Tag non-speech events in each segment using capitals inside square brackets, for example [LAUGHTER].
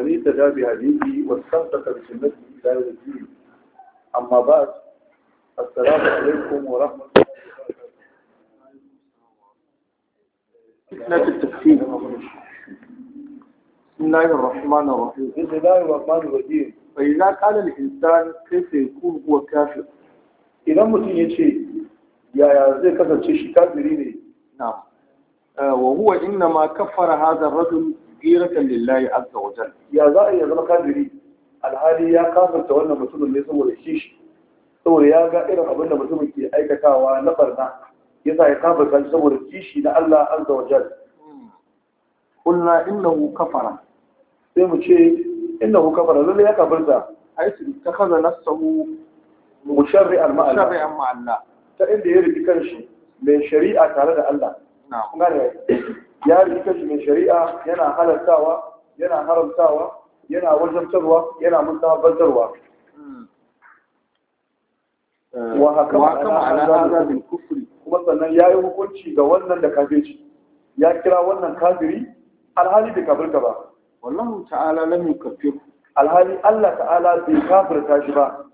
ومن اهتدى بهديه واستمسك بسنته الى يوم الدين اما بعد السلام عليكم ورحمه الله فتنة التفكير بسم الله الرحمن الرحيم بسم الله الرحمن الرحيم فإذا قال الإنسان كيف يكون هو كافر إذا متى يشي يا يا زي كذا شيء كافرين نعم وهو إنما كفر هذا الرجل tsiratan lillahi azza wa jal ya za a iya zama kafiri alhali ya kafirta wannan mutumin ne saboda kishi saboda ya ga irin abin da mutumin ke aikatawa na barna ya sa ya kafirta shi saboda kishi na Allah azza wa jal kulna innahu kafara sai mu ce innahu kafara lalle ya kafirta haisu takaza nafsahu musharri'an ma'a Allah ta inda ya kan shi, mai shari'a tare da Allah ya rikita shi mai shari'a yana halartawa yana haramtawa yana wajabtarwa yana mutabbatarwa hmm. wa haka ala hadha bil kufri kuma sannan ya yi hukunci ga wannan da kafirci ya kira wannan kafiri alhali bai kafirta ba wallahu ta'ala lam yukaffir alhali Allah ta'ala bai kafirta shi ba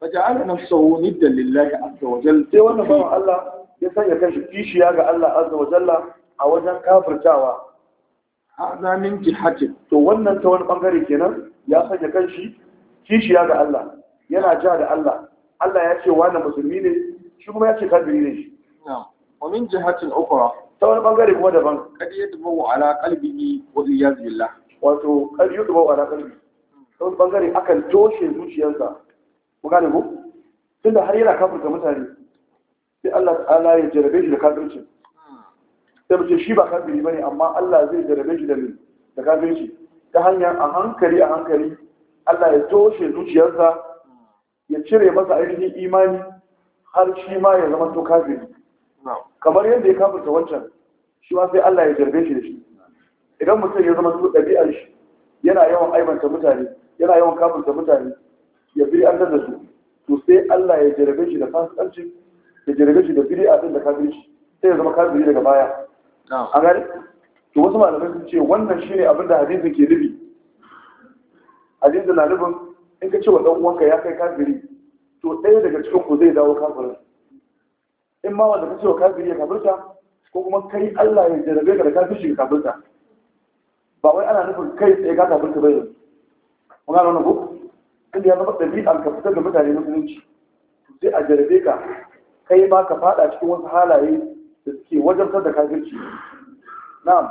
faja'ala nafsuhu niddan lillahi azza wa jalla sai wannan bawan Allah ya sanya kashi kishiya ga Allah azza wa jalla a wajen kafirtawa a min jihatin to wannan ta wani bangare kenan ya sanya kanshi kishiya ga Allah yana ja da Allah Allah ya ce wani musulmi ne shi kuma ya ce kafiri ne shi wa min jihatin ukhra ta wani bangare kuma daban kad yadbu ala qalbihi wa iyaz billah wato kad yadbu ala qalbi ta wani bangare akan toshe zuciyarsa ku gane ko tunda har yana kafirta mutane sai Allah ta'ala ya jarabe shi da kafirci sai mu ce shi ba kafiri bane amma Allah zai jarabe shi da da kafirci ta hanyar a hankali a hankali Allah ya toshe zuciyarsa ya cire masa ainihin imani har shi ma ya zama to kafiri kamar yadda ya kafirta wancan shi ma sai Allah ya jarabe shi da shi idan mutum ya zama su ɗabi'ar shi yana yawan aibanta mutane yana yawan kafirta mutane ya bi an da su to sai Allah ya jarabe shi da fasikanci da jirage shi da biri a da shi, sai ya zama kafiri daga baya a gari to wasu malamai sun ce wannan shi ne abinda hadisin ke nufi hadisin na nufin in ka ce wa ɗan uwanka ya kai kafiri to ɗaya daga cikin ku zai dawo kafirin in ma wanda ka ce wa kafiri ya kafirta ko kuma kai Allah ya jarabe ka da shi ka kafirta ba wai ana nufin kai tsaye ka kafirta ba yanzu mun gano na ku inda ya zama ɗabi'ar ka fitar da mutane na kuminci sai a jarabe ka kai ma ka fada cikin wasu halaye da suke wajen da kafirci na'am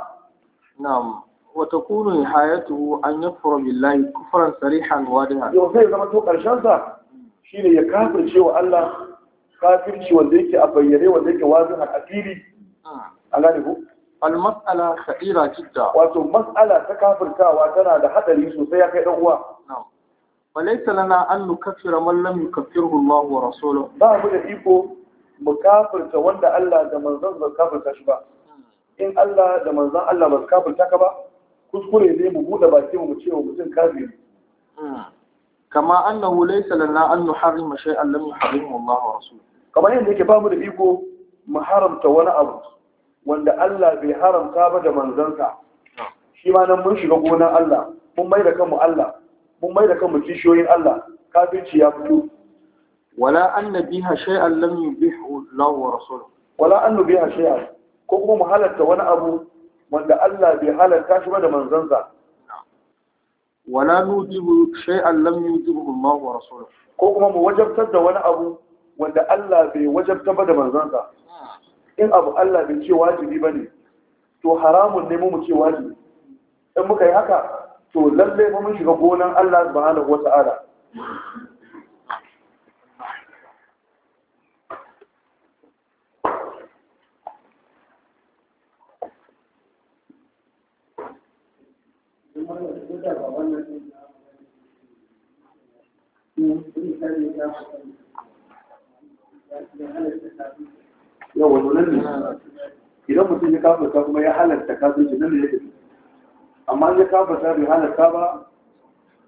na'am wa takunu hayatu an yakfura billahi kufran sarihan wadihan yau sai zama to karshen sa shine ya kafirce wa Allah kafirci wanda yake a bayyane wanda yake wazin a asiri hmm. a gane ko al-mas'ala jidda wato mas'ala ta kafirtawa tana da hadari sosai ya kai dan uwa na'am وليس لنا أن Kafir من wa يكفره ba mu da iko mukafirta wanda Allah da manzon ba kafirta shi ba in Allah da manzon Allah ba kafirta ka ba kuskure ne mu bude baki mu ce wa mutum kafiri kama annahu laysa lana an nuharrima shay'an lam yuharrimu Allah wa rasul Kama yadda yake ba mu da iko mu haramta wani abu wanda Allah bai haramta ba da manzansa shi ma nan mun shiga gonan Allah mun mai da kanmu Allah mun mai da kanmu kishiyoyin Allah kafirci ya fito wala an nabiha shay'an lam yubihu Allah wa rasuluhu wala an nabiha ko kuma mu halatta wani abu wanda Allah bai halatta shi ba da manzansa wala nujibu shay'an lam yujibu Allah wa rasuluhu ko kuma mu wajabtar da wani abu wanda Allah bai wajabta ba da manzansa in abu Allah bai ce wajibi bane to haramun ne mu ce in muka yi haka to fa mun shiga gonar Allah subhanahu yau wani nan ne idan mutum ya kafarta kuma ya halarta kafirci nan ne ya tafi amma ya ta bai halarta ba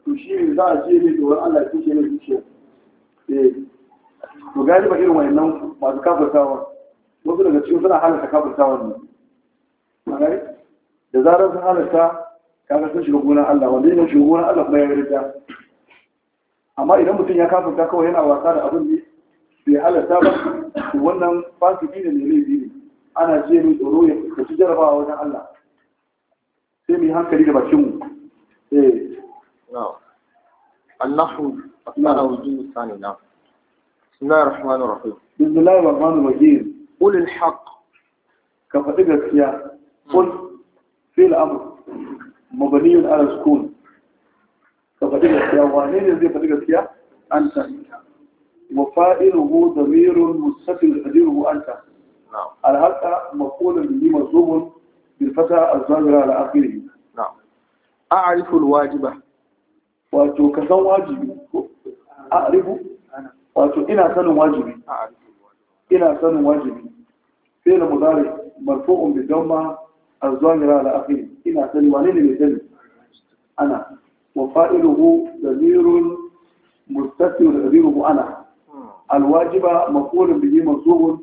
to shi ne za a ce ne wani Allah ya tushe ne zuciya eh, to gani ba irin wayannan masu kafartawa wasu daga cikin suna halarta kafartawa ne da zarar sun halarta kaga sun shiga gonar Allah wanda yana shiga gonar Allah kuma ya rida amma idan mutum ya kafirta kawai yana wasa da abin ne bai halatta ba to wannan fasiki ne mai laifi ne ana ce mai tsoro ya fuskaci jarabawa wajen Allah sai mai hankali da bakin mu eh na'am annahu asmana wujin sani na bismillahir rahmanir rahim bismillahir rahmanir rahim qul al haqq ka faɗi gaskiya qul hmm. fil amr mabani yin ala sukun ka faɗi gaskiya wane ne zai faɗi gaskiya an ta mafa'ilu hu da mirun musafin hadiru hu an ta alhaƙa makonan bindi masu hun birfata a zagara da afirin a arifin wajiba wato ka san wajibi a arifu wato ina sanin wajibi ina sanin wajibi sai na mu zare marfo'un bidan ma الظاهر على أخيه إن سلم ولين مثل أنا وفائله ضمير مستثمر ضميره أنا الواجب مقول به منصوب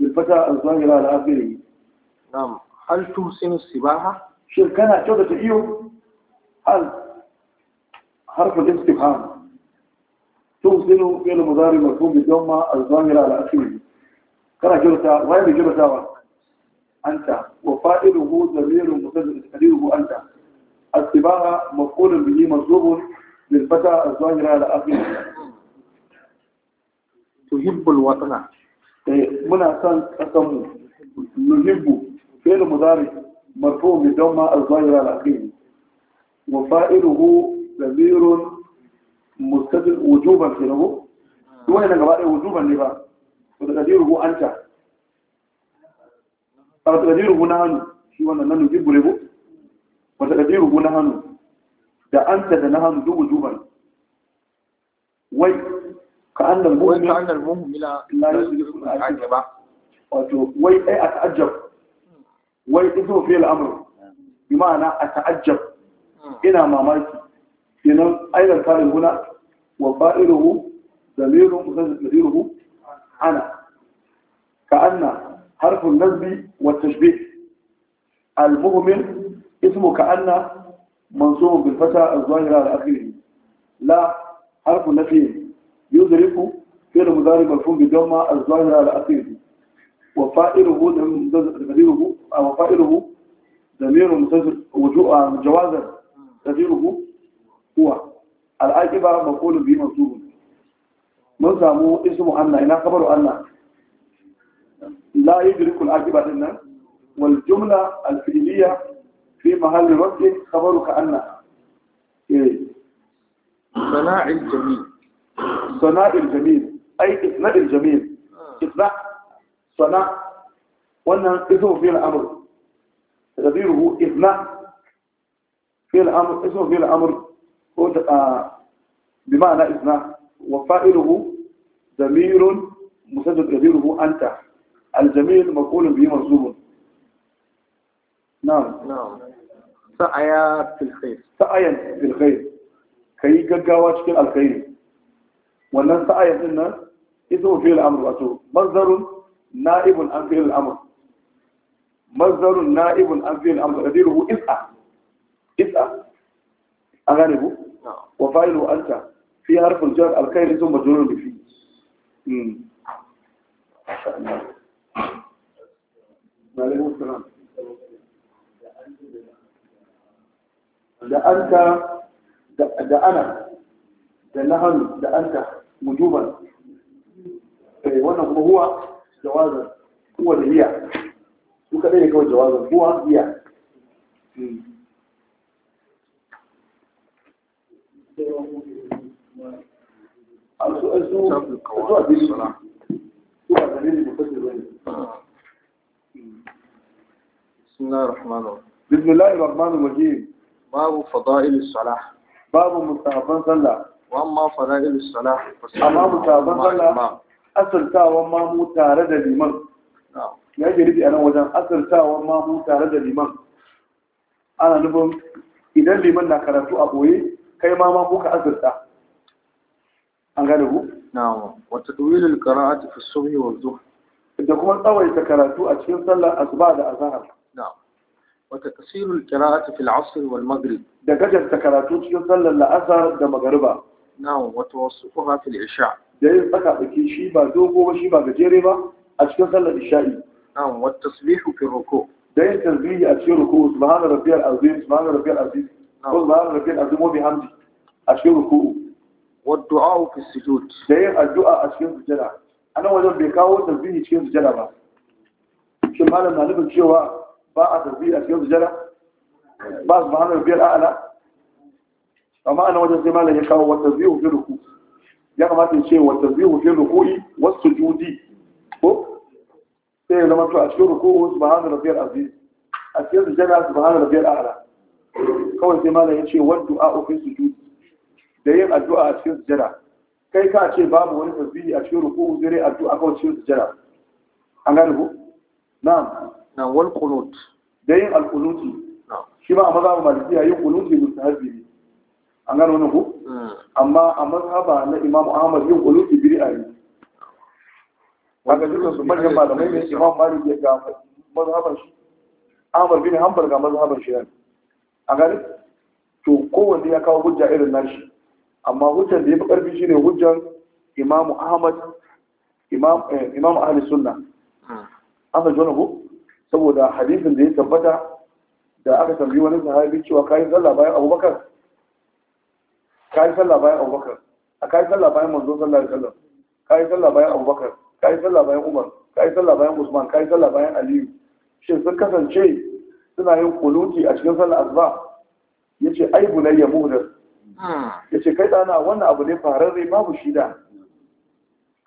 للفتى الظاهر على أخيه نعم هل تمسن السباحة؟ شركنا كذا تحيو هل حرف الاستفهام تحسن فعل مضارع مفهوم بالضمة الظاهر على أخيه كان كذا وين بجبتها أنت وفائله ضمير متزل تقديره أنت السباحة مفعول به منصوب للفتى الظاهرة على آخره تحب الوطن منا سان قسم نحب فعل مضارع مرفوع بالضمة الظاهرة على آخره وفائله ضمير مستدل وجوبا كده هو هنا جماعه وجوبا ليه بقى وتقديره أنت a takadiru na hannu shi wannan nanu ji burebo wa takadiru na hannu da anta da na hannu duk wujuban wai ka annal mu'min ka annal mu'mina la yusrifu wato wai ai a ta'ajjab wai izo fi al-amr bi ma'ana a ta'ajjab hmm. ina mamaki kenan aidan kalin guna wa fa'iluhu damirun mutazziruhu ana ka anna حرف النسب والتشبيه المؤمن اسمه كأن منصوب بالفتى الظاهرة على آخره لا حرف نفي يدرك فعل مضارع مفهوم بضمة الظاهرة على آخره وفائله ضميره وفائله ضمير متصل وجوء جوازا ضميره هو العاقبة مفعول به منصوب من سامو اسمه أن هنا خبر أن لا يدرك العجبة لنا والجملة الفعلية في محل رد خبرك أن إيه؟ صناع الجميل صناع الجميل أي إثناء الجميل إثناء آه. صناع وأن اسمه في الأمر تقديره إثناء في الأمر اسمه في الأمر آه، بمعنى إثناء وفائله ضمير مسدد تقديره أنت الجميل مقول به مرزوب نعم نعم سعيا في الخير سعيا في الخير كي يقاواش في الخير ولن سعيا لنا اسم في الامر واتو مصدر نائب عن فعل الامر مصدر نائب عن فعل الامر غديره اسعى اسعى اغانبه نعم وفاعله انت في حرف الجر الخير ثم مجرور به alaikum salam da anta da ana da nahanu da anta mujuban wannan kuma huwa jawazan huwa da hiya su kaɗai ne kawai jawazan huwa hiya a su a su a su a su a su a su بسم الله الرحمن الرحيم بسم الله الرحمن الرحيم باب فضائل الصلاة باب مستحبان صلاة وأما فضائل الصلاة أما مستحبان صلاة أسرتا وما متارد لمن نعم ya jirgi a nan wajen asirtawar mamu tare da liman ana nufin idan liman na karatu a ɓoye kai ma kuka asirta an gane ku? na'am wata duwilin karatu fi sauyi wa da kuma tsawaita karatu a cikin sallar asuba da azahar wata kasirul qira'ati fil asr wal maghrib da gajarta karatu cikin sallar la'asar da magariba na'am wata wasuquha fil isha da yin tsaka tsaki shi ba dogo ba shi ba gajere ba a cikin sallar isha'i na'am wata tasbihu fil ruku da yin tasbihi a cikin ruku subhana rabbiyal azim subhana rabbiyal azim ko subhana rabbiyal a cikin ruku wa du'a fi sujud da yin addu'a a cikin wajen bai kawo tasbihi cikin ba shin malam na nufin cewa ba a tasbi a cikin sujada ba su bahanar biyar a'ala amma ana wajen zai malam ya kawo wata zai da ku. ya kamata ya ce wata da ku, 'Yi wasu judi ko sai ya zama to a cikin ruku'u su da biyar aziz a cikin sujada su da biyar a'ala kawai sai malam ya ce wadda a ofin judi. da yin addu'a a cikin sujada kai ka ce babu wani tasbihi a cikin ruku'u zai addu'a kawai cikin sujada an gani ku Na. na wal qunut da yin al qunuti shi ba a maliki malikiya yin qunuti mustahabi ne an gano ne ko hmm. amma a mazhaba na imam ahmad yin qunuti bid'a ne wanda dukkan su manyan malamai ne imam malik ya ga mazhaban shi ahmad bin hanbal ga mazhaban shi ne a gani to kowanne ya kawo hujja irin nashi amma hujjan da ya fi shi shine hujjan imamu ahmad eh, imam ahli sunna hmm. an da jona saboda hadisin da ya tabbata da aka tambayi wani sahabi cewa kai sallah bayan abubakar kai sallah bayan abubakar a kai sallah bayan manzo sallah da sallah kai sallah bayan abubakar kai sallah bayan umar kai sallah bayan usman kai sallah bayan aliyu shin sun kasance suna yin kuluti a cikin sallah azba ya ce ai bunayya muhdar ya ce kai dana wannan abu ne fararre babu shida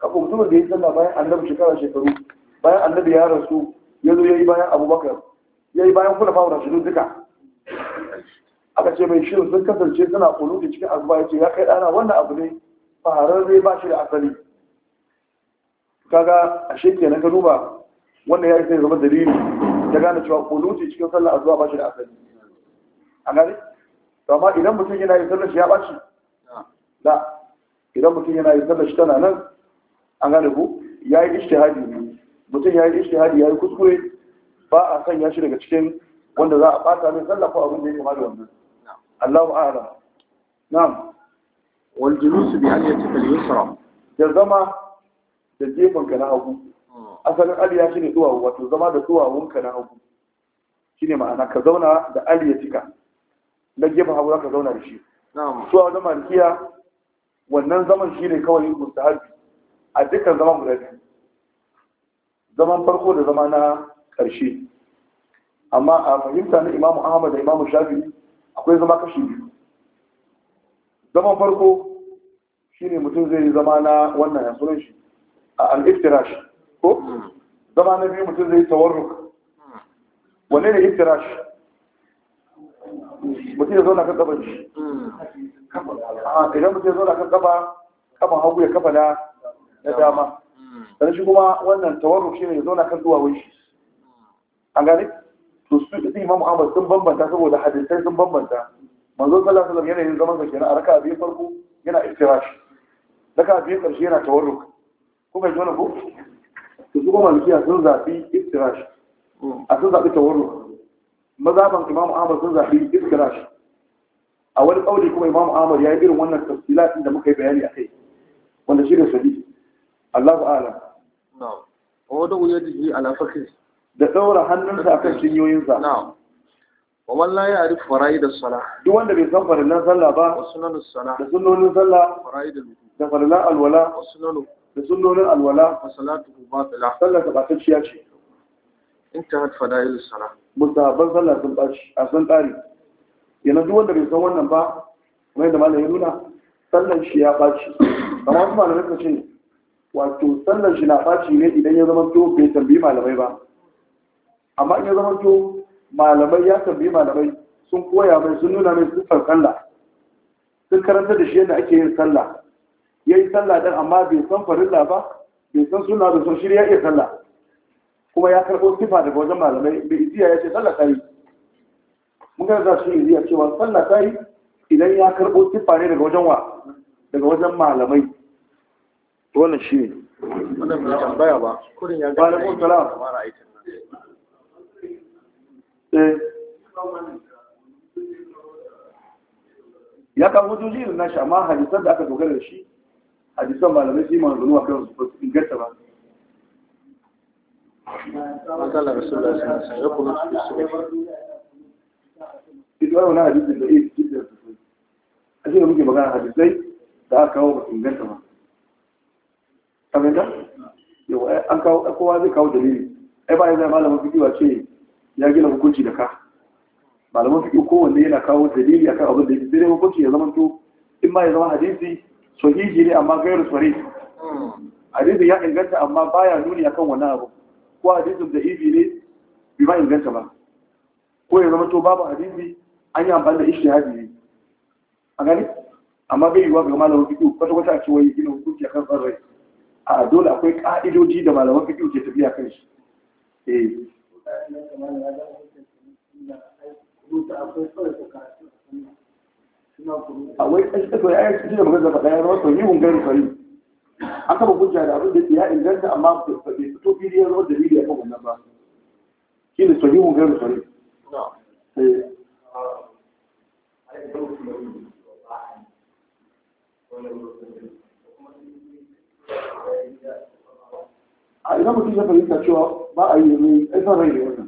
kafin mutumin da ya yi sallah bayan annabi shekara shekaru bayan annabi ya rasu ya zo ya yi bayan abubakar ya yi bayan kula fawar shirin duka aka ce mai shirin sun kasance suna kulu da cikin azuba ya ce ya kai ɗana wannan abu ne zai ba shi da asali kaga a shekiya na ka ba wannan ya yi sai zama dalili ta gane cewa da cikin sallar azuba ba shi da asali a gani to amma idan mutum yana yin sallar shi ya ɓaci da idan mutum yana yin sallar shi tana nan an gane ku ya yi ishtihadi ne mutum ya yi ishtihadi ya yi kuskure ba a sanya shi daga cikin wanda za a ɓata mai sallafa abin da ya kama da wannan Allahu a'lam na'am wal julus bi aliyatika al yusra da zama da gefen ka na hagu asalin ya shine zuwa wato zama da duwawun ka na hagu shine ma'ana ka zauna da cika. na gefen hagu ka zauna da shi na'am suwa wajen wannan zaman shine kawai mustahabi a dukkan zaman guda biyu zaman farko da zama na ƙarshe amma a fahimta na imamu ahmad da imamu shafi akwai zama kashi biyu zaman farko shine mutum zai yi zama na wannan ya sunan shi a al-iftirash ko zama na biyu mutum zai tawarruk wanne ne iftirash mutum ya zauna kan gaban shi idan mutum ya zauna kan gaba kaban hagu ya kafa na dama sannan shi kuma wannan tawarruf shi ne ya zauna kan duwawun shi an gane to su da imam Muhammad sun bambanta saboda hadisai sun bambanta manzo sallallahu alaihi wasallam yana yin zaman sa kenan a raka'a biyu farko yana iftirash raka'a biyu karshe yana tawarruf ko bai jona ko to su kuma malikiya sun zafi iftirash a sun zafi tawarruf mazaban imam ahmad sun zafi iftirash a wani kauli kuma imam ahmad ya yi irin wannan tafsilatin da muka yi bayani akai wanda shi ne sadi Allahu a'lam da wuya hannunsa akan cinyoyinsa na'am wa man la ya'rif fara'id duk wanda bai san farillan sallah ba salah da sunnonin sallah da farillan alwala wa sunanu da sunnonin alwala fa salatu batila sallah ta batacciya ce intahat fada'il as-salah sallah sun bashi a san tsari yana duk wanda bai san wannan ba kuma yadda malamin nuna sallan shi ya bashi amma kuma da nake ce wato sallar shi na faci ne idan ya zama to bai tambayi malamai ba amma in ya zama to malamai ya tambayi malamai sun koya mai sun nuna mai siffar sallah sun karanta da shi yadda ake yin sallah ya yi sallah ɗin amma bai san farilla ba bai san suna da sun shirya iya sallah kuma ya karɓo sifa daga wajen malamai bai iziya ya ce sallah ta yi mun ga za su iziya cewa sallah ta yi idan ya karɓo sifa ne daga wajen wa daga wajen malamai wannan shi ne ya kan eh. hujjoji irin nashi amma hadisan da aka dogara da shi hadisan malamai su yi ma a kan su inganta ba ya kuma su da da da muke magana hadisai da aka kawo ba inganta ba. kamar da yau an kawo kowa zai kawo dalili ai ba yanzu malamin fikiwa ce ya gina hukunci da ka malaman fiƙi kowanne yana kawo dalili a akan abin da yake dai hukunci ya zamanto in ma ya zama hadisi sahihi ne amma gairu sahih hadisi ya inganta amma baya nuni akan wannan abu ko hadisin da ibi ne bai ma inganta ba ko ya zama to babu hadisi an yi amfani da ishtihadi ne a gani amma bai yiwuwa ga malamin fiƙi kwata-kwata a ce wai gina hukunci akan tsarrai a dole akwai ka'idoji da malaman fiƙi ke tafiya kan shi eh. a wai ƙasƙasa ya yi cikin da magana faɗa ya zama sauyi hungarin fari an taɓa hujja da abin da ya inganta amma bai fito fili ya zama dalili a kan wannan ba shi ne sauyi hungarin fari Thank eh. you. لما تيجي تبي تشوا ما أي من أي فريق هنا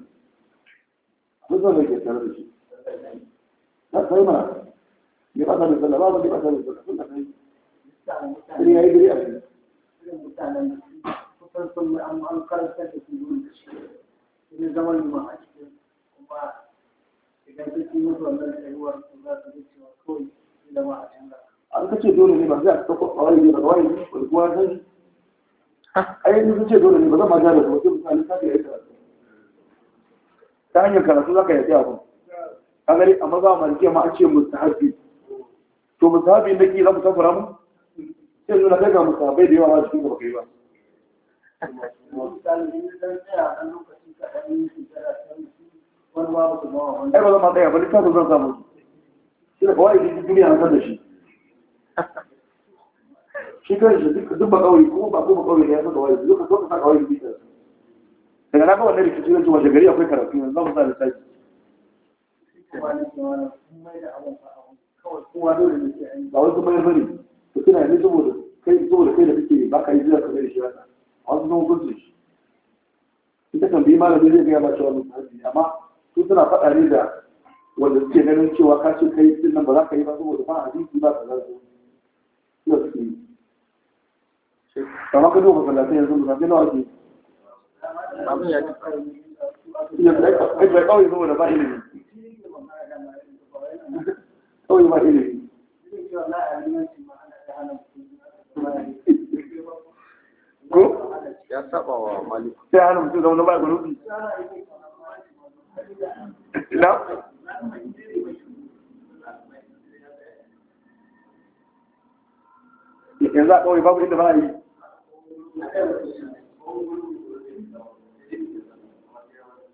هذا فريق ترى بس لا تسمع يبقى هذا الزلمة ولا يبقى هذا الزلمة هنا هاي بري أبي فصل عن عن قرية في دون كشف في زمان ما هي وما إذا تسمعوا أن الحوار هذا تجسوا كل دواعي عندك أنت تقول لي ما زال تقول أي دواعي والدواعي ai sun ce dole ne ba zan ma jara su mutane ta fiye ta hanyar karatu za ka yi abu a gari amma za a malike ma a ce mustahabi to mustahabi na ki mu tafura mu sai nuna kai mustahabai da yawa ba su ba kai ba ai ba zama tsaya ba littafin zan samu shi da kawai duniya na san da shi shi shi duk ba kawai kuma ba kuma kawai da ya saka wani duka so ka saka wani bita daga na kawai da rikici zai wace gari akwai karatu yanzu za mu sa lissafi ba wai kuma yin bane to suna yi saboda kai saboda kai da kake ba ka yi zuwa kamar shi haka a wasu zama gudun shi ita kan bi malami zai gaya ma cewa musu hajji amma su suna faɗa ne da wanda suke ganin cewa ka ce kai din nan ba za ka yi ba saboda ba hadisi ba ka kama ka duba masallatai yanzu nawa ke ya ya saba wa malik sai hana mutum na ba gudu na yanzu a kawai babu inda ba a yi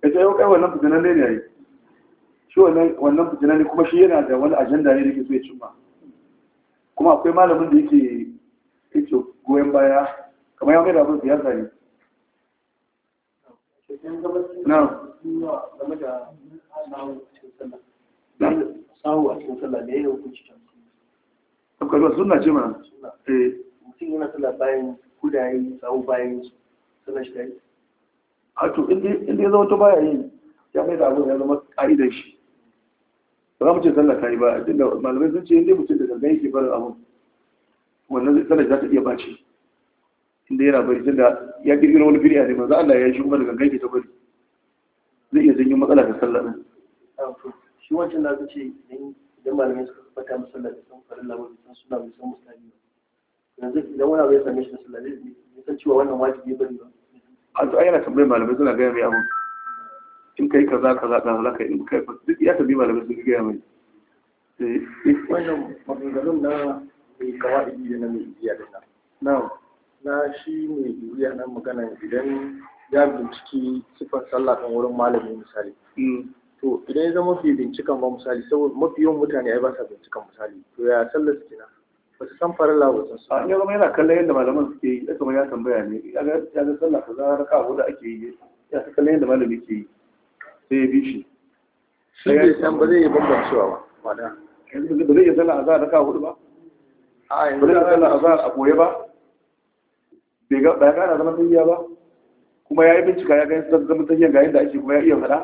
ita yau kai wannan fitinan ne yayi. shi wannan fitinan ne kuma shi yana da wani ajanda ne da ke so cimma kuma akwai malamin da yake yake goyon baya kamar ya mai da abin siyasa ne na sahu a cikin sallah da ya yi hukunci can. Tabbatar suna ce mana. Eh. Mutum yana sallah bayan kudaye tsawo bayan su suna shi yi. Hato inda ya zama to baya yi ya mai da abin ya zama ka'idar shi ba za mu ce sallah ta yi ba inda malamai sun ce inda mutum da gangan yake barin abin wannan sallah za ta iya bace inda yana bari tunda ya girgira wani biriya ne manzo Allah ya shi kuma da gangan yake ta bari zai iya janyo matsala ta sallah din shi wancan da ce idan malamai suka fata musallah da san farin labarin sun suna musamman musulmi yanzu idan wani abu ya same shi da sallah zai san cewa wannan wajibi bane ba a to ai yana tambayar malamai suna gaya mai abu in kai kaza kaza kaza za ka yi kai duk ya tambayi malamai sun gaya mai eh, eh. wannan maganganun na mai kawai da na mai iya da na na shi mai biya na magana idan ya binciki sifan sallah kan wurin malami misali mm. to idan ya zama bai bincikan ba misali saboda mafi yawan mutane ai ba sa bincikan misali to ya sallar su kenan ba su san farilla ba sun ya zama yana kallon yadda malaman suke yi kamar ya tambaya ne ya ga sallah kaza raka da ake yi ya ta kallon yadda malami ke yi sai ya bi shi shi bai san ba zai yi bambancewa ba yanzu ba zai iya sallah azhar raka hudu ba a yanzu ba zai iya sallah azhar a koye ba Ba ya gana zama zaman tafiya ba kuma ya yi bincika ya gani zaman tafiya ga yadda ake kuma ya iya faɗa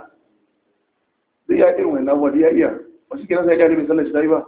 zai ya irin wannan wani ya iya wasu kenan sai ya gane bai sallah shi ta yi ba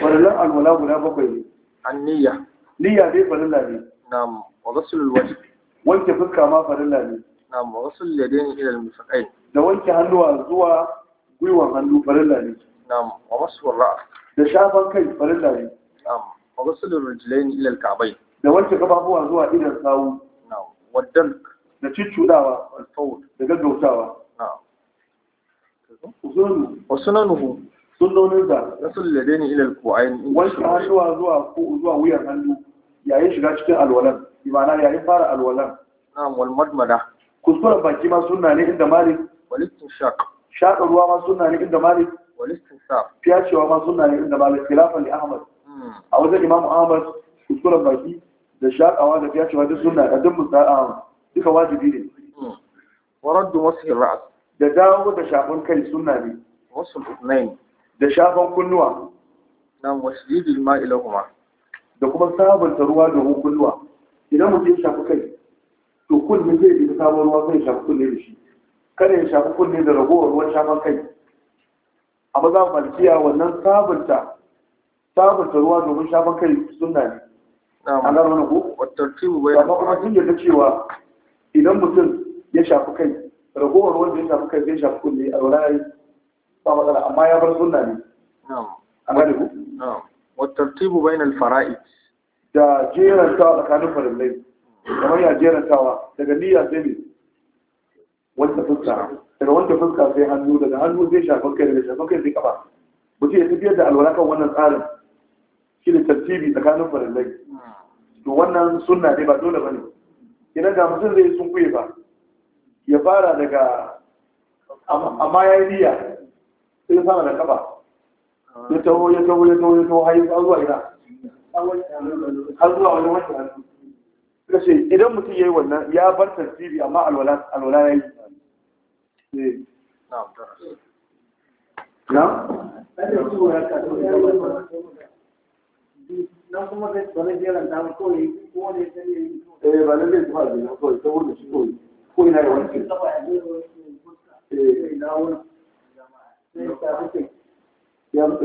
farillan alwala guda bakwai ne an niyya niyya dai farilla ne na'am wa ghaslul wajh wanke fuska ma farilla ne na'am wa ghaslul yadayn ila al-mirfaqayn da wanke hannuwa zuwa gwiwan hannu farilla ne na'am wa masu ra's da shafan kai farilla ne na'am wa ghaslul rijlayn ila al-ka'bayn da wanke kafafuwa zuwa idan sawu na'am wa dalk da ciccudawa al-fawd da gaggautawa na'am usulun wa sunanuhu Sun rasul ladaini ila alqu'ain wasu hannuwa zuwa ko zuwa wuyan hannu yayin shiga cikin alwalan imana yayin fara alwalan na wal madmada kuskuren baki ma suna ne inda malik walistin shaq Shaƙa ruwa ma suna ne inda malik walistin shaq fiyacewa ma suna ne inda malik khilafan li ahmad hmm. a wajen imam ahmad kuskuren baki da shaƙawa da fiyacewa duk sunna da duk musa'a duka wajibi ne hmm. wa raddu wasfi ra'as da dawo da shafin kai sunna ne wasu ne da shafan kunnuwa nan wasjidil ma'i kuma? da kuma sabunta ruwa domin kunnuwa idan mutum ya shafi kai to kunne zai yi sabon ruwa zai shafi kunne da shi kada ya shafi kunne da ragowar ruwan shafan kai a mu malkiya wannan sabunta sabanta ruwa domin shafan kai sunna ne a nan wani ko amma kuma sun yarda cewa idan mutum ya shafi kai ragowar ruwan da ya shafi kai zai shafi kunne a wani ba matsala amma ya bar sunna ne ku wa tartibu bainal fara'id da jerantawa tsakanin farillai kamar ya jerantawa daga niyya sai ne wanda fuska daga wanda fuska sai hannu daga hannu zai shafan kai daga shafan kai sai kafa mutum ya tafiyar da alwala kan wannan tsarin shi ne tartibi tsakanin farillai to wannan sunna ne ba dole bane idan ga mutum zai sun kuye ba ya fara daga amma ya yi niyya sai ya sama da kafa ya taho ya taho ya taho ya taho har zuwa ina har zuwa wani wanke hannu suka idan mutum ya yi wannan ya bar tasiri amma alwala ya yi eh. na? na kuma zai tsoron jeran damar kawai ko ne ta yi eh ba na zai zuwa zai na kawai saboda shi kawai ko ina ya wanke eh. E ban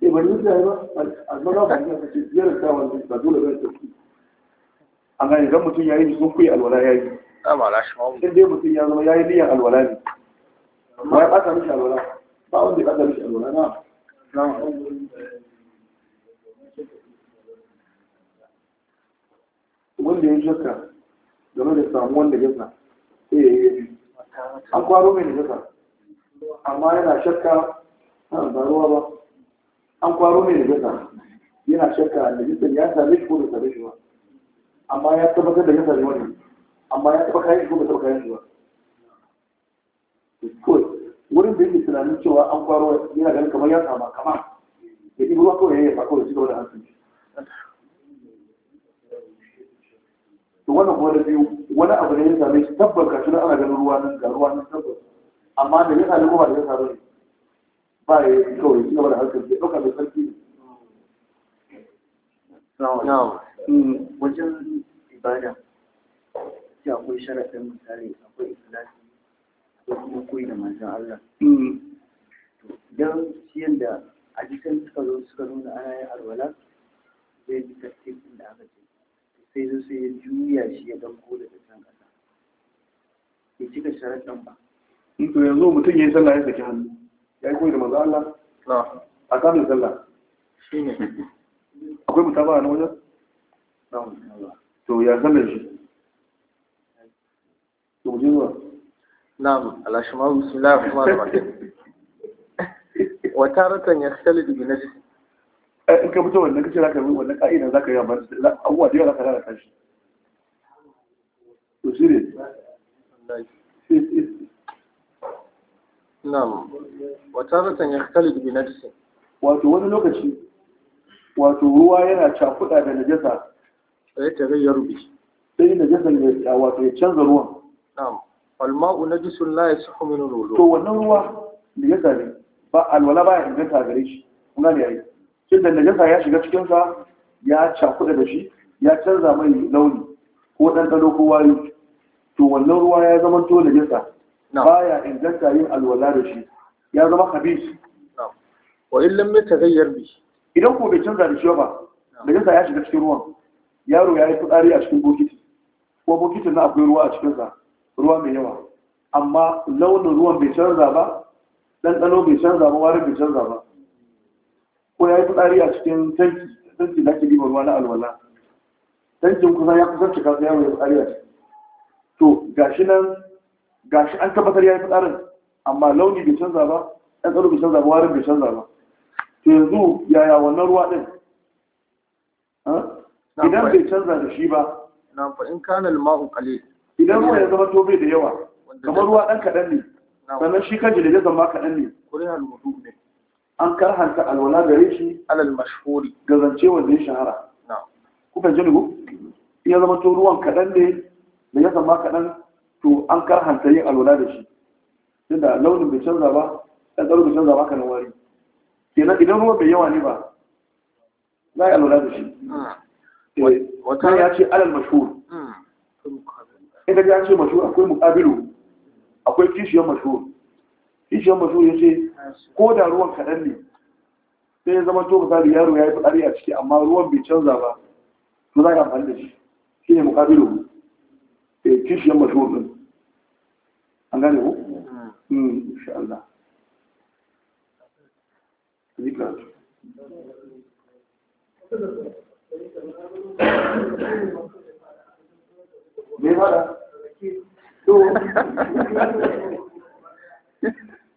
yi da An mutum ya yi kuyi alwala ya yi. inda mutum ya zama ya yi niyyar alwala Ba ya ɓata mishi alwala. Ba wanda ya ɓata mishi alwala na. Wanda ya shakka game da samu da ya sa. Eh, an kwaro mai najasa amma yana shakka ba ruwa ba an kwaro mai najasa yana shakka da najasa ya sami shi ko da sami shi ba amma ya tabbatar da ya same wannan amma ya taba kayan shi ko bai taba kayan shi ba kawai wurin da yake tunanin cewa an kwaro yana ganin kamar ya sama kama ya ɗibi ruwa kawai ya yi ba kawai da gaba da hankali wannan kuma da biyu wani abu ne ya same shi tabbar kashi na ana ganin ruwa nan ga ruwa nan tabbar amma da ya same kuma da ya same ba ya yi kawai shi gaba da harkar ya ɗauka mai sarki ne. Mm, wajen ibada sai akwai sharaɗin misali akwai ikilasi akwai kuma koyi da manzon Allah. Mm. don shi yadda a jikin suka zo suka nuna ana yin alwala zai bi tartibin da aka ce. sai zai sai ya juya shi ya ɗauko daga can kasa ya cika sharaɗin ba in to yanzu mutum ya yi sallah ya saki hannu ya yi koyi da maza Allah a kamun sallah shine akwai mutum mutaba na wajen to ya sallar shi to ji zuwa na'am alashmaru bismillahir rahmanir rahim [LAUGHS] wa taratan yakhtalidu bi nafsihi Eh, in ka fito wannan kace zaka yi wannan ka'idar zaka yi amma abubuwa da yawa zaka lalata shi to shi ne [LAUGHS] na'am wata ratan ya kalli bi najisi wato wani lokaci wato ruwa yana cakuɗa da najasa sai ta gayyar bi sai najasan ya wato ya canza ruwan na'am alma'u najisun la yasihu min al to wannan ruwa yasa ne ba alwala ba ya inganta gare shi kuma ne yayi shin da najasa ya shiga cikinsa ya cakuda da shi ya canza mai launi ko ɗanɗano ko wayo to wannan ruwa ya zama to najasa baya inganta yin alwala da shi ya zama habis wa illan mai tagayyar bi idan ko bai canza da shi ba najasa ya shiga cikin ruwan yaro ya yi fitsari a cikin bokiti ko bokitin na akwai ruwa a cikinsa ruwa mai yawa amma launin ruwan bai canza ba ɗanɗano bai canza ba wari bai canza ba ko ya yi fitsari a cikin tanki tanki da ake ribar ruwa na alwala tankin kusan ya kusan cika ya yaro ya fitsari a ciki to gashi nan gashi an tabbatar ya yi fitsarin amma launi bai canza ba ɗan tsaro bai canza ba warin bai canza ba to yanzu yaya wannan ruwa ɗin idan bai canza da shi ba na fa in kana mau qalil idan ruwa ya zama tobe da yawa kamar ruwa ɗan kaɗan ne sannan shi kan jirage ma kaɗan ne kuri al-wudu ne an karhanta alwala gare shi alal mashhuri ga zance wanda ya shahara ku fahimci ku ya zama to ruwan kaɗan ne da ya zama kaɗan to an karhanta yin alwala da shi tunda launin bai canza ba ɗan ɗaro bai canza ba kanan wari kenan idan ruwan bai yawa ne ba za a yi alwala da shi eh, wata ya ce alal mashhur hmm. idan ya ce mashhur akwai mukabilu, akwai kishiyar mashhur ishe mutu ya ce ko da ruwan kaɗan ne sai ya zama to misali yaro ya yi fitsari a ciki amma ruwan bai canza ba to za ka amfani da shi shi ne mukabilu eh kishiyan mutu ɗin an gane ku? Hmm. Hmm, insha Allah zikra me fara to [LAUGHS]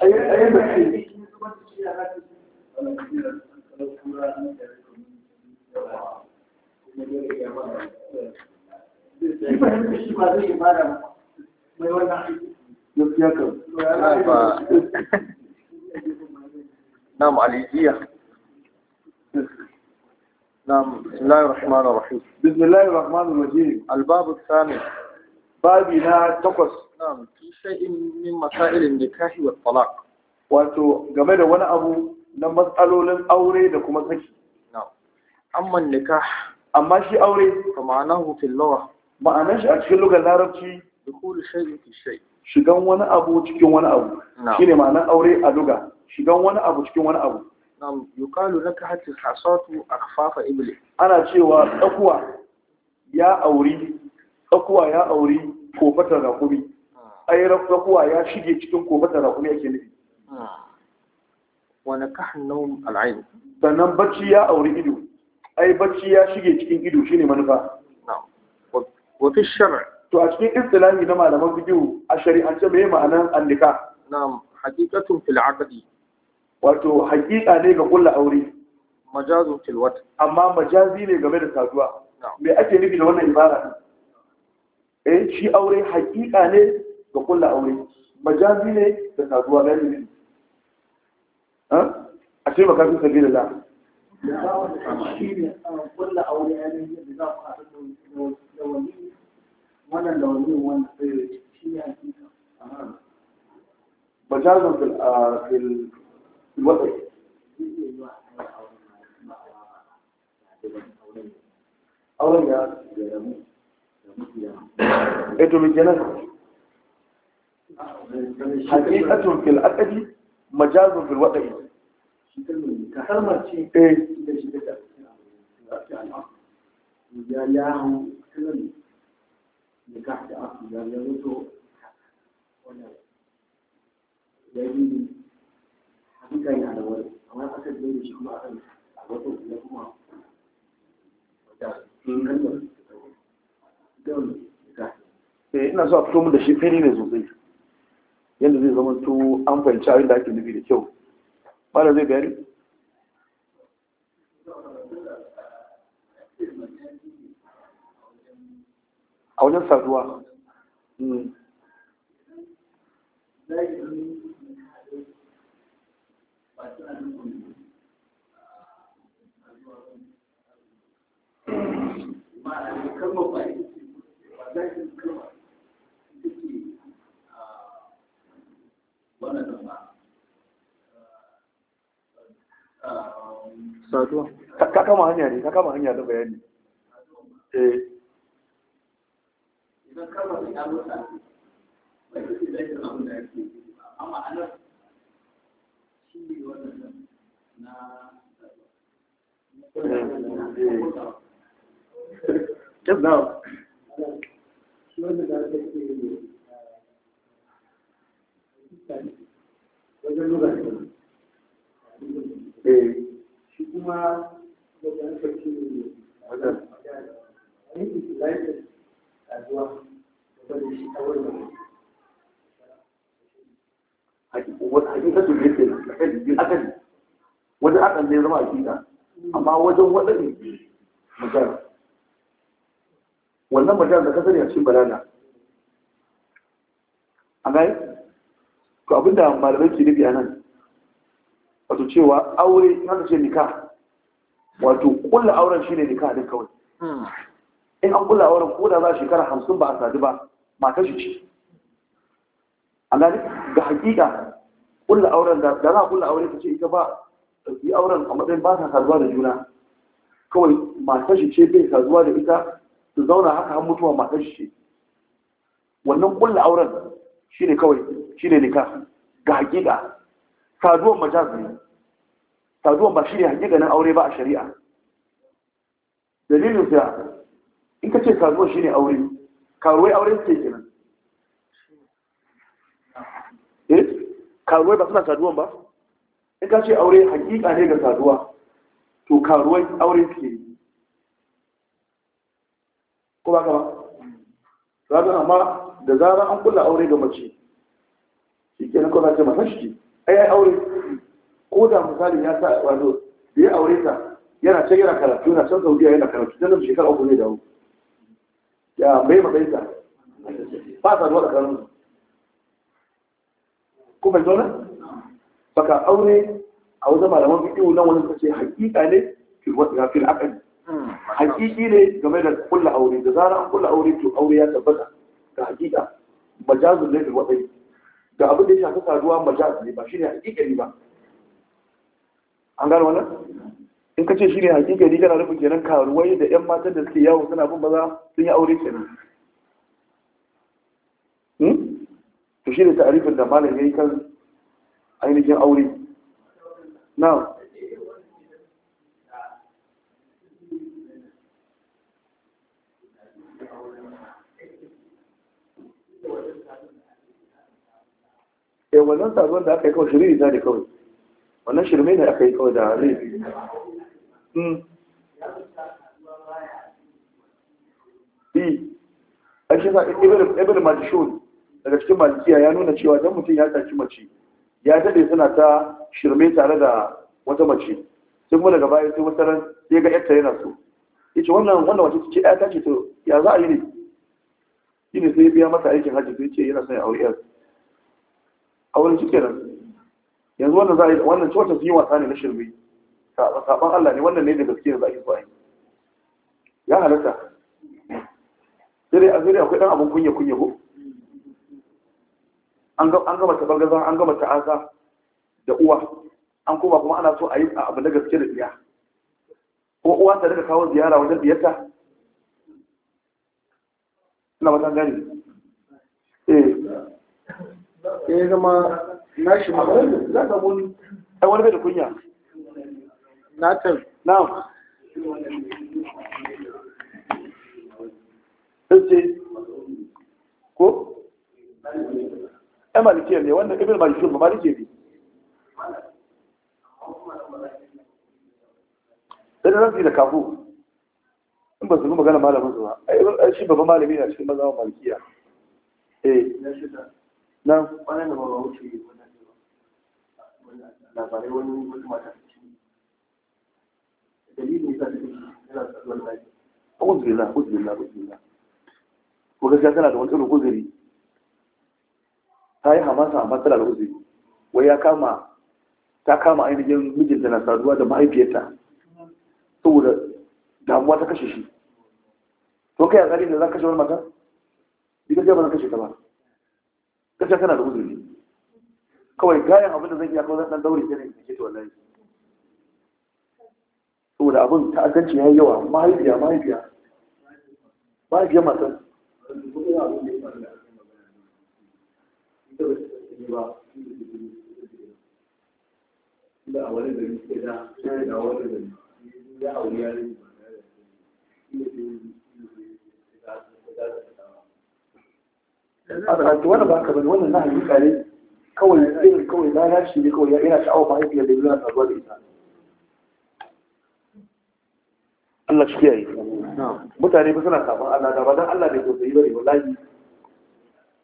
ayi baki نعم عليجية نعم بسم الله الرحمن الرحيم بسم الله الرحمن الرحيم الباب الثاني بابنا تقص na'am fi shay'in min masailin nikahi wa talaq wato game da wani abu na matsalolin aure da kuma saki na'am amma nikah amma shi aure fa ma'anahu fil lugha ma'anar shi a cikin lugar larabci dukhul shay'in fi shay shigan wani abu cikin wani abu shine ma'anar aure a luga shigan wani abu cikin wani abu na'am yuqalu laka hatta hasatu akfafa ibli ana cewa tsakuwa ya auri tsakuwa ya auri kofatar rakumi ai rakuwa ya shige cikin kobar da rakumi yake nufi wani kahan nau'in al'ayin sannan bacci ya auri ido ai bacci ya shige cikin ido shine manufa wafi shara to a cikin istilahi na malaman bidiyo a shari'ance mai ma'anar annika na'am hakikatun fil aqdi wato hakika ne ga kullu aure majazun fil wat amma majazi ne game da saduwa me ake nufi da wannan ibara eh shi aure hakika ne تقول أولي مجازي لي تسادوا غير لي ها أشير ما كانت سبيل الله مجازا في في الوضع أولا يا أنتم من جنازة حقيقة في الأكد مجاز في الوضع ina zuwa fito mu da shi fili ne sosai yadda zai zama to an fahimci abin da ake nufi da kyau malam zai bayani a wajen saduwa hmm. ka kama hanya ne ka kama hanya da bayani wajen waɗanne magana wannan magana da ka sani a cikin balaga a gani to abinda malamai ke nufi a nan wato cewa aure yana ce nika wato kulla auren shine nika din kawai hmm. in an kulla auren ko da za shekara hamsin ba a sadu ba matar shi ce a gani ga hakika kulla auren da za a kulla aure ta ce ita ba tafi auren a matsayin ba ta saduwa da juna kawai matar shi ce bai saduwa da ita su zauna haka har mutuwa matar shi ce wannan kulla auren shine kawai shine nika ga hakika saduwan majaz ne saduwan ba shine hakikanin aure ba a shari'a dalilin sa in ka ce saduwan shine aure karuwai aure ce kenan eh karuwai ba suna saduwan ba in ka ce aure hakika ne ga saduwa to karuwai aure suke yi ko ba ka ba zaɓin amma da zarar an kula aure ga mace shi ke nan ce masa shi ai ai aure ko da misali ya sa wazo da ya aure ta yana can yana karatu yana can saudiya yana karatu tana da shekara uku zai dawo ya mai matsayin ta ba saduwa da karnu ko mai zo Baka aure a wajen malaman fiƙi nan wani suka ce haƙiƙa ne fil akali haƙiƙi hmm, ne game da kulla aure da zara an kulla aure to aure ya tabbata ga haƙiƙa majazin ne fil waɗai da abin da ya shafi saduwa majazin ne ba shine ne ba an gano wannan in ka ce shine ne kana nufin kenan karuwai da 'yan matan da suke yawo suna bin maza sun yi aure kenan hmm? to shine ta'arifin da malam yi kan ainihin aure na eh wannan saduwar da aka yi kawai shirme ne kawai wannan shirme ne aka yi kawai da rai hmm. bi a shi sa ibn majishon daga cikin malikiya ya nuna cewa don mutum ya tsaki mace ya daɗe suna ta shirme tare da wata mace sai kuma daga baya sai wata ran sai ga yarta yana so ya ce wannan wannan wata ce ya tashi to ya za a yi ne shi ne sai biya masa aikin hajji sai ce yana son ya aure yar auren shi kenan yanzu wannan za a yi wannan ce wata su yi wasa ne na shirme saɓan Allah ne wannan ne da gaskiya yanzu ake yi so a yi ya halatta sai dai a zuriya akwai ɗan abin kunya kunya ko an gama ta bangaza an gama ta aza da uwa an koma kuma ana so a yi abu na gaske da biya ko uwa ta daga kawo ziyara wajen biyarta na matan gani eh. eh ya zama na shi ma za ka wani ai wani bai da kunya na. Ta ce ko ɗan malikiyar ne wannan ibn malikiyar ba malikiyar ne sai na da kafu in ba su yi magana malamin su ba ai shi babban malami na cikin mazawa malikiya eh na na da ba wuce labarai wani na mata na da na fi na da na lafiya. na uzbillah, na Ko na tana da wani na uzuri ta yi hamasa a matsalar wuzi wai ya kama ta kama ainihin mijinta na saduwa da mahaifiyarta saboda damuwa ta kashe shi to kai a tsari da za ka kashe wani mata bi gaskiya ba zan kashe ta ba kashe tana da uzuri kawai gayan abin da zan iya kawai zan daure yanayin da ke ta wallahi saboda abin ta'addanci ya yi yawa mahaifiya mahaifiya mahaifiyar matan da a wani gari ke da ya da wani gari ya auri ya rinji a wani ba ka bane wannan na hakika ne kawai irin kawai na nashi ne kawai yana sha'awar mahaifiyar da yana sabuwa da ita Allah shi kiyaye mutane ba suna Allah da ba dan Allah bai tausayi bane wallahi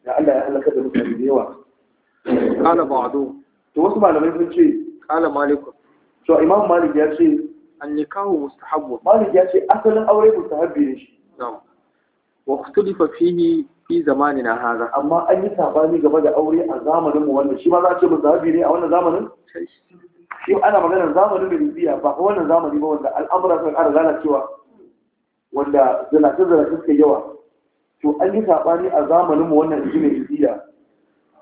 da Allah ya halaka da mutane da yawa qala ba'du to wasu malamai sun ce Kala malik to imam malik ya ce an nikahu mustahabbu malik ya ce asalin aure mustahabbi ne shi na'am wa ikhtalifa fihi fi zamanina hada amma an yi sabani game da aure a zamanin mu wannan shi ma za a ce mustahabbi ne a wannan zamanin shi ana maganar zamanin da bibiya ba wannan zamani ba wanda al'amura sun ƙara lalacewa wanda zalace-zalace suke yawa to an yi saɓani a zamaninmu wannan ji mai ba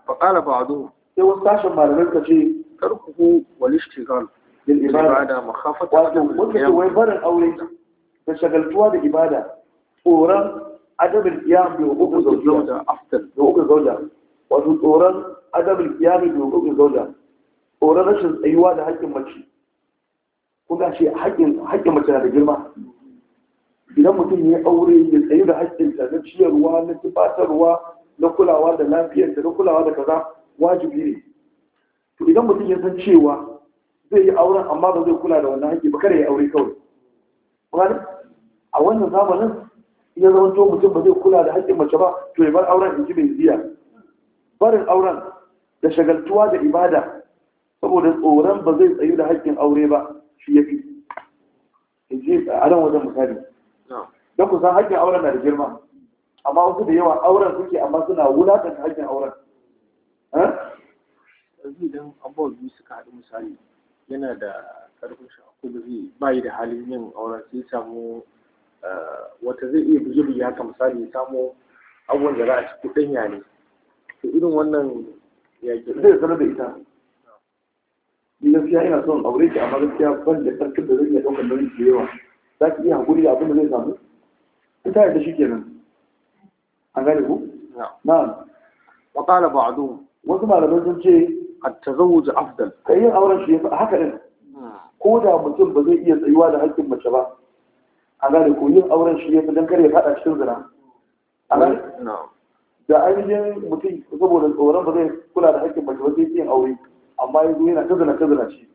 fa qala ba'du sai wasu tashin malamai ka ce tarkuhu wal ishtighal Yin ibada makhafata wato wata ke wai barin aure da shagaltuwa da ibada tsoron adabin qiyam bi huquqi zauja. wato tsoron adabin qiyam bi huquqi zawja tsoron rashin tsayuwa da haƙƙin mace kuma shi haƙƙin mace na da girma idan mutum ya aure ya tsayi da ta na ciyarwa na tufatarwa na kulawa da lafiyar na kulawa da kaza wajibi ne to idan mutum ya san cewa zai yi auren amma ba zai kula da wannan haƙƙi ba kare ya aure kawai kuma a wannan zamanin ya zama to mutum ba zai kula da haƙƙin mace ba to ya bar auren in ji mai ziya barin auren da shagaltuwa da ibada saboda tsoron ba zai tsayu da haƙƙin aure ba shi ya fi in a nan wajen misali don ku san haƙƙin auren na da girma amma wasu da yawa auren suke amma suna wulaƙanta haƙƙin auren eh? yanzu idan abubuwa biyu suka haɗu misali yana da ƙarfin shi akwai zai ba yi da halin yin auren sai samu eh, wata zai iya buge-buge haka misali ya samu abubuwan da za a ci kuɗin ne to irin wannan yaƙi zai sanar da ita ni gaskiya ina son aure ki amma gaskiya ban da ƙarfin da zai iya ɗaukar nauyin da yawa za ki iya haƙuri da abin da zai samu in ta yarda shi kenan an gane ku na'am ba a zo wasu malaman sun ce a zo ji afdal Ka yin auren shi A haka din hmm. ko da mutum ba zai iya tsayuwa da haƙƙin mace ba an gane ku yin auren shi yasa don kar ya fada cikin zina an gane da ainihin mutum saboda tsoron ba zai kula da haƙƙin mace ba zai iya aure amma yanzu yana ta zina ta zina shi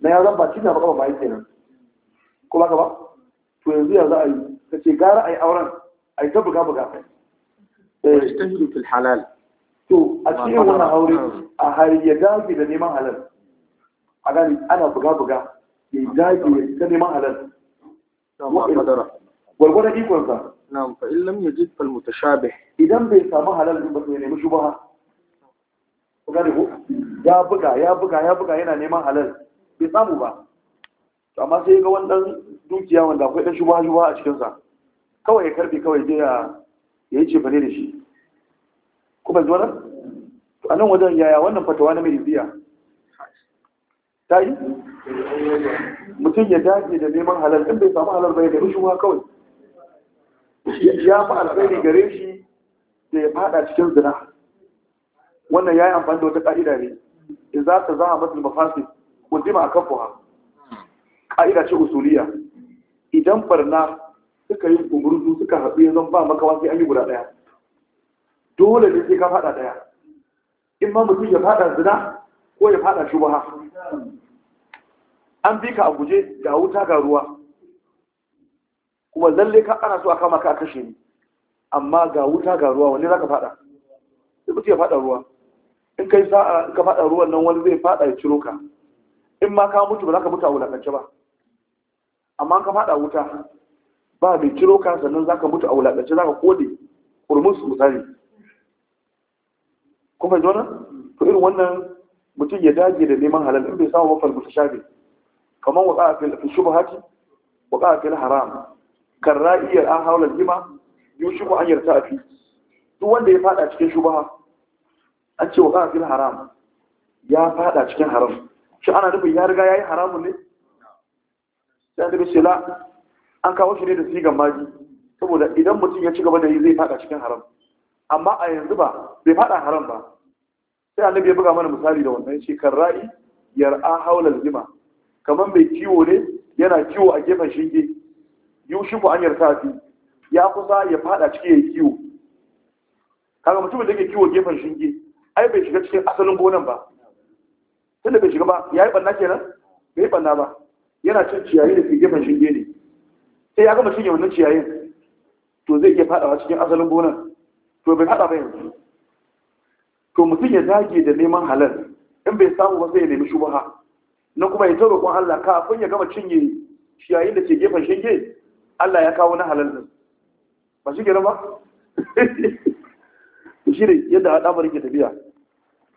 na ya ba cikin na ba ba ba nan kuma ba ka ba to yanzu ya a yi ka ce gara a yi auren a yi ta buga buga eh. wajtahidu fil halal to a cikin wani aure hmm. a har ya dage da neman halal a gani ana buga buga ya dage ta neman halal gwargwadon ikonsa na'am fa in lam yajid fal mutashabih idan bai samu halal ba sai nemi shubha ku gane ko ya buga ya buga ya buga yana neman halal bai samu ba amma sai ga wannan dukiya wanda akwai ɗan shuba-shuba a cikinsa kawai ya karbe kawai je ya yi cefane da shi kuma zuwa to a nan wajen yaya wannan fatawa na mai biya ta yi mutum ya dace da neman halal din bai samu halal bai da rushuwa kawai ya fi alƙairi gare shi da ya fada cikin zina wannan ya yi amfani da wata ƙa'ida ne in za ta zama masu mafasi kun jima a kafuwa ƙa'ida ce usuliya idan barna suka yi gumurzu suka haɗu yanzu ba makawa sai an yi guda ɗaya dole ne sai ka faɗa ɗaya in ma mutum ya faɗa zina ko ya faɗa shubaha an bi ka a guje ga wuta ga ruwa kuma lalle ka ana so a kama ka a kashe ni amma ga wuta ga ruwa wanne za ka faɗa sai mutum ya faɗa ruwa in kai sa'a in ka faɗa ruwan nan wani zai faɗa ya ciro ka in ma ka mutu ba za ka mutu a wulakance ba amma ka fada wuta ba mai ciro ka sannan za ka mutu a wulaɗace za ka kode su misali kuma jona to irin wannan mutum ya dage da neman halal in bai samu mafal shafe. kamar wa ƙa'a fil shubhati wa ƙa'a haram kan ra'iyar an haula jima yushiku an yarta a fi duk wanda ya fada cikin ha an ce wa ƙa'a haram ya fada cikin haram shi ana nufin ya riga ya yi haramun ne sai da ce la an kawo shi ne da sigan maji saboda idan mutum ya ci gaba da yi zai fada cikin haram amma a yanzu ba bai fada haram ba sai annabi ya buga mana misali da wannan shi kan ra'i yar'a haula zima kaman mai kiwo ne yana kiwo a gefen shinge ku an yarta fi ya kusa ya fada cikin yayi kiwo kaga mutum da yake kiwo gefen shinge ai bai shiga cikin asalin gonan ba tunda bai shiga ba yayi banna kenan bai banna ba yana cin ciyayi da ke gefen shinge ne sai ya gama cinye wannan ciyayin to zai iya fadawa cikin asalin gonar to bai hada ba yanzu to mutum ya zage da neman halal in bai samu ba sai ya nemi shubaha na kuma ya taro kun Allah kafin ya gama cinye ciyayin da ke gefen shinge Allah ya kawo na halal din ba shi kenan ba [LAUGHS] shi ne yadda al'amarin ke tafiya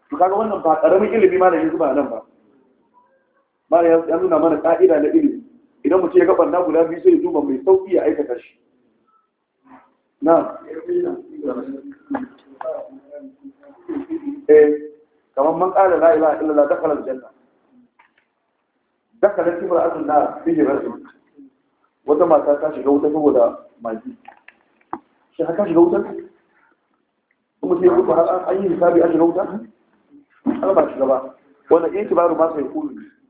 to kaga wannan ba karamin ilimi ma da yanzu ba nan ba mara ya nuna mana ka'ida na ilimi idan mutum ya ga barna guda biyu sai duba mai sauki ya aikata shi na eh kamar man qala la ilaha illallah dakhala aljanna dakhala tibra azun na fi rasul wata mata ta shiga wuta saboda magi shi haka shiga wuta kuma sai kuma har an yi hisabi an shiga wuta an ba shiga ba wanda in kibaru ma sai kulu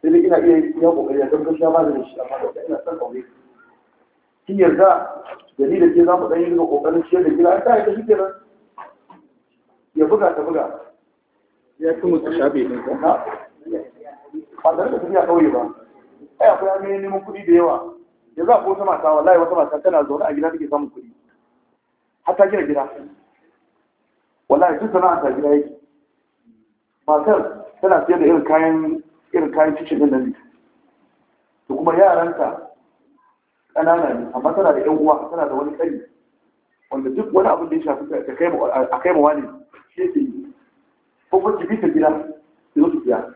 sai dai ina iya ya kokari don gaskiya ba da shi amma gaskiya ina son aure kin yarda da ni da ke za mu dan yi kokarin ciyar da gida ta ita shike nan ya buga ta buga ya kuma tashabi ne ba ba da tafiya kauye ba ai akwai hanyoyin neman kuɗi da yawa ya za a? wata mata wallahi wata mata tana zaune a gida take samun kuɗi har ta gina gida wallahi duk sana'a ta gida yake matar tana siyar da irin kayan irin kayan cikin ɗin nan da kuma yaranta ƙanana ne amma tana da 'yan uwa tana da wani tsari wanda duk wani abin da ya shafi a kai mawa ne shi yake yi ko kuma jibi ta gida ya zo su biya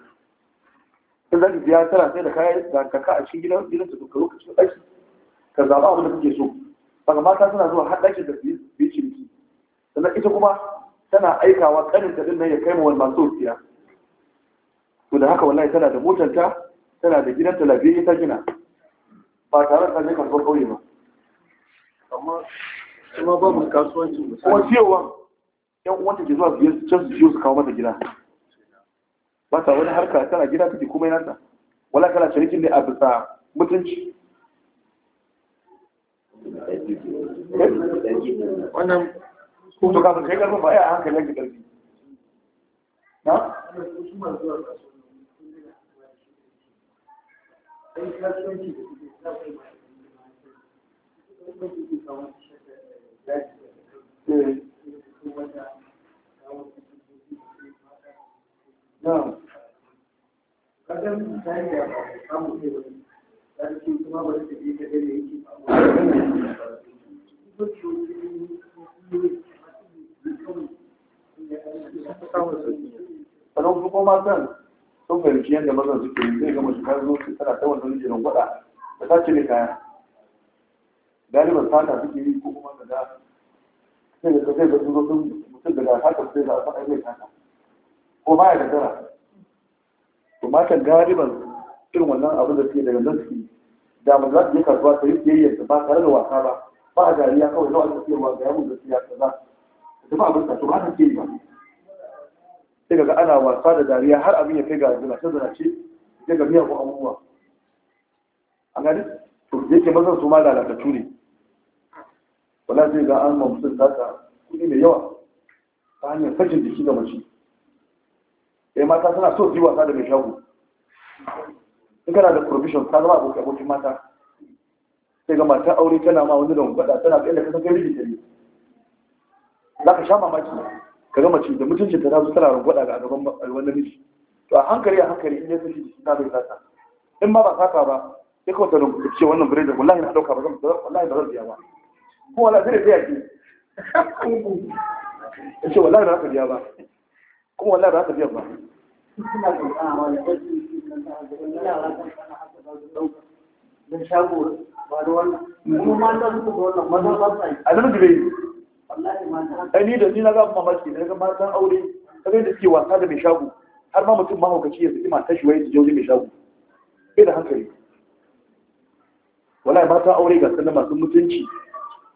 in za ki biya tana sai da kayan da kaka a cikin gidan gidan su ka lokacin ɗaki ka zaɓa abin da kake so daga mata tana zuwa har ɗakin da su yi ciniki sannan ita kuma tana aikawa ƙanin ta ɗin nan ya kai ma wani masu siya to da haka wallahi tana da motanta tana da gidan talabiyya ta gina ba tare da ta karɓar ƙauye ba amma kuma ba mu kasuwanci kuma siyowa yan uwanta ke zuwa su can su siyo su kawo mata gida ba ta wani harka tana gida take komai nata wala kana sharikin ne a bisa mutunci wannan kuma kafin kai karfin ba ya hankali yanki karfi na? Para não ficou matando. sun fahimci yadda mazan suke yi zai gama shiga zuwa su tana ta wannan rijirin gwada da ta cire kaya galiban sata suke yi ko kuma da sai da sai da sun sun mutum daga sata sai da sata zai sata ko ba ya gagara to matan galiban irin wannan abin da suke daga nan suke da mu za su je kasuwa ta yi siyayyar ba tare da wasa ba ba a dariya kawai nawa ta siyarwa ga yamun da siya kaza da ba abin ta to ba ta ke yi ba sai ga ana wasa da dariya har abin ya kai ga zinace ce sai ga miyagun abubuwa a gani to yake mazan su ma lalatattu ne wala zai ga an da ta kuɗi mai yawa ta hanyar sakin jiki ga mace eh mata suna so su yi wasa da mai shago in kana da provision ta zama abokin abokin mata sai ga mata aure tana ma wani da gwada tana da inda ka da kai ne za ka sha mamaki ka ga mace da mutuncin ta zasu tara rangwada ga gaban wani namiji to a hankali a hankali in ya saki shi ta bai sata in ma ba saka ba sai kawai ta rubuta ce wannan bire da wallahi na dauka ba zan wallahi ba zan biya ba ko wala zai biya ki in ce wallahi ba za biya ba kuma wallahi ba za biya ba da shago ba da kuma da ba a nan ai da ni na ga mamaki da ga matan aure kaga da suke wasa da mai shago har ma mutum mahaukaci ya saki matar shi waye ta jauje mai shago sai da hankali wallahi matan aure ga sanan masu mutunci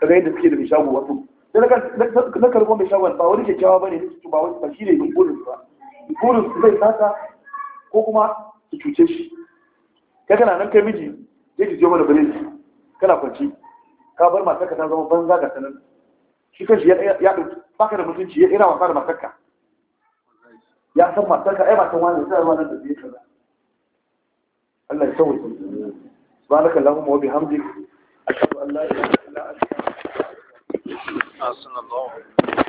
kaga yadda suke da mai shago da na karbo mai shagon ba wani kyakkyawa ba ne su ba wani bashi ne yin burin ba burin su zai sata ko kuma su cuce shi ka kana nan kai miji ya ji jiyo mana biredi kana kwanci ka bar ka ta zama banza ga sanan shi kanshi ya ɗauki baka da mutunci ya wasa da matarka ya san matarka ai matan wani sai ruwa nan da zai kaza Allah ya sauke subhanaka allahumma wa bihamdik ashhadu an la ilaha illa anta astaghfiruka wa atubu ilaik